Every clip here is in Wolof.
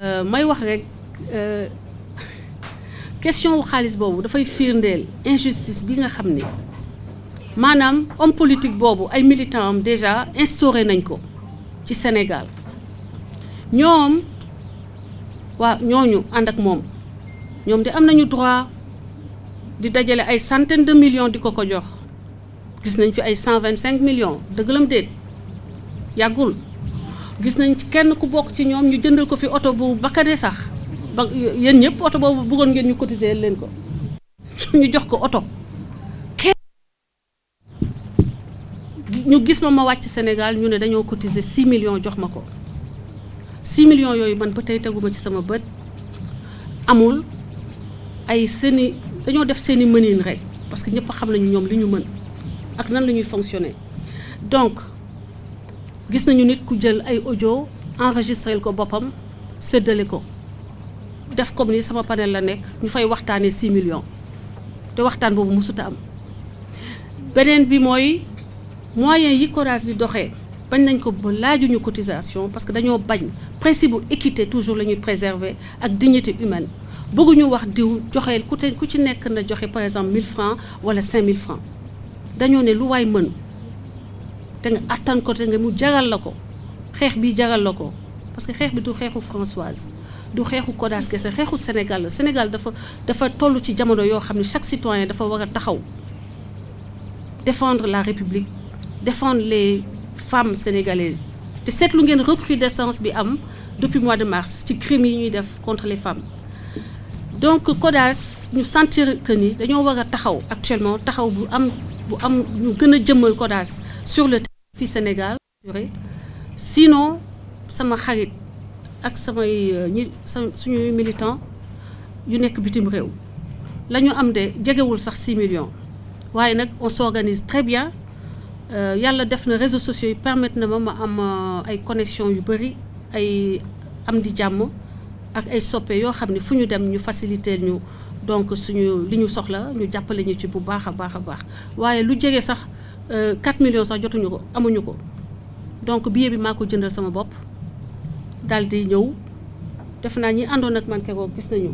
Euh, may wax rek euh, question wu xaalis boobu dafay firndeel injustice bi nga xam ni maanaam homme politique boobu ay militant am déjà instauré nañ ko ci Sénégal ñoom waaw ñooñu ànd ak moom ñoom de am nañu droit di dajale ay centaine de million di ko ko jox gis nañ fi ay cent vingt cinq millions dëgg lam déet yàggul gis nañ ci kenn ku bokk ci ñoom ñu jëndal ko fi oto bu bakkane sax ba yéen ñëpp boobu bëggoon ngeen ñu cotiser leen ko ñu jox ko oto ñu gis ma ma wàcc Sénégal ñu ne dañoo cotiser 6 million jox ma ko 6 millions yooyu man ba tey teguma ci sama bët amul ay seeni dañoo def seeni mënin rek parce que ñëpp xam nañu ñoom lu ñu mën ak nan la ñuy fonctionner donc gis nañu nit ku jël ay ojo enregistré ko boppam séddale ko def comme ni sama panel la nekk ñu fay waxtaanee 6 millions te waxtaan boobu mësut am beneen bi mooy moyen yi corage di doxee bañ nañ ko ba laajuñu cotisation parce que dañoo bañ principe bu équité toujours la ñuy préserver ak dignité humaine bëgguñu wax diw joxeel ku te ku ci nekk na joxe par exemple mille francs wala mille francs dañoo ne lu waay mën te nga attan ko te nga mu jagal la ko xeex bi jagal la ko parce que xeex bi du xeexu Françoise du xeexu Kodas kese xeexu Sénégal la Sénégal dafa dafa toll ci jamono yoo xam ne chaque citoyen dafa war a taxaw défendre la République défendre les femmes sénégalaises te seetlu ngeen recrudescence bi am depuis mois de mars ci crime yi ñuy def contre les femmes donc Kodas ñu sentir que ni dañoo war a taxaw actuellement taxaw bu am bu am ñu gën a jëmmal CODAS sur le terrain fii Sénégal sinon sama xarit ak samay euh, ñi suñuy militant yu nekk bitim réew la ñu am de jegewul sax 6 millions waaye nag on s'organise très bien euh, yàlla def na réseaux sociaux yi permettre na ma ma am euh, ay connexion yu bëri ay am di jàmm ak ay soppe yoo xam ne fu ñu dem ñu faciliter ñu donc suñu li ñu soxla ñu jàppale ñu ci bu baax a baax a baax waaye lu jege sax 4 euh, millions sax jotuñu ko amuñu ko donc billet bi maa ko jëndal sama bopp daal di ñëw def naa ñi àndoon ak man ko gis nañu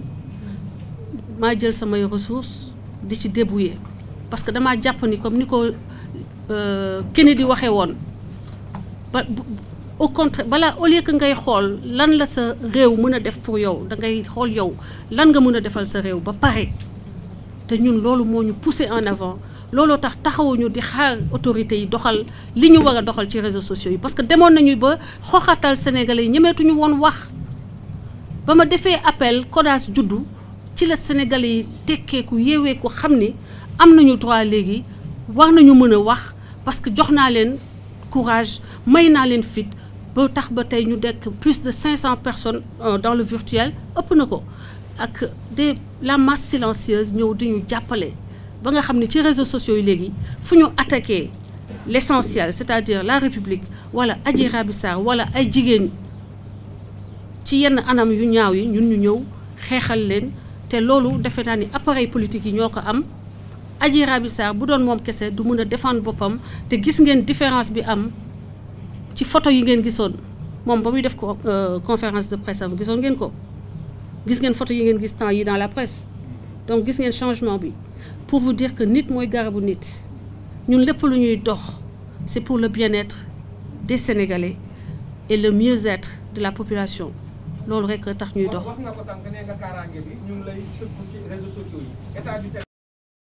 maa jël samay ressources di ci débrouiller parce que damaa jàpp ni comme ni ko euh, Kennedy di waxee woon au contraire balaa au lieu que ngay xool lan la sa réew mën a def pour yow da ngay xool yow lan nga mën a defal sa réew ba pare te ñun loolu moo ñu pousser en avant looloo tax taxawuñu di xaar autorité yi doxal li ñu war a doxal ci réseau sociaux yi parce que demoon nañu ba xoxatal sénégale yi ñemeetuñu woon wax ba ma defee appel codage juddu ci la sénégalais yi tekkeeku yeeweeku xam ni am nañu droit léegi war nañu mën a wax parce que jox naa leen courage may naa leen fit ba tax ba tey ñu dekk plus de 500 personnes euh, dans le virtuel ëpp na ko ak de la masse silencieuse ñëw di ñu jàppale ba nga xam ne ci réseau sociaux yi léegi fu ñu attaqué l' essentiel est à dire la république wala aji Raby Sarr wala ay jigéen ci yenn anam yu ñaaw yi ñun ñu ñëw xeexal leen te loolu defe naa ni appareil politique yi ñoo ko am. aji Raby bu doon moom kese du mun a défendre boppam te gis ngeen différence bi am. ci photo yi ngeen gisoon moom ba muy def ko euh, conférence de presse am gisoon ngeen ko gis ngeen photo yi ngeen gis temps yi dans la presse donc gis ngeen changement bi pour vous dire que nit mooy garabu nit ñun lépp lu ñuy dox c'est pour le bien-être des Sénégalais et le mieux-être de la population loolu rekk tax ñuy dox.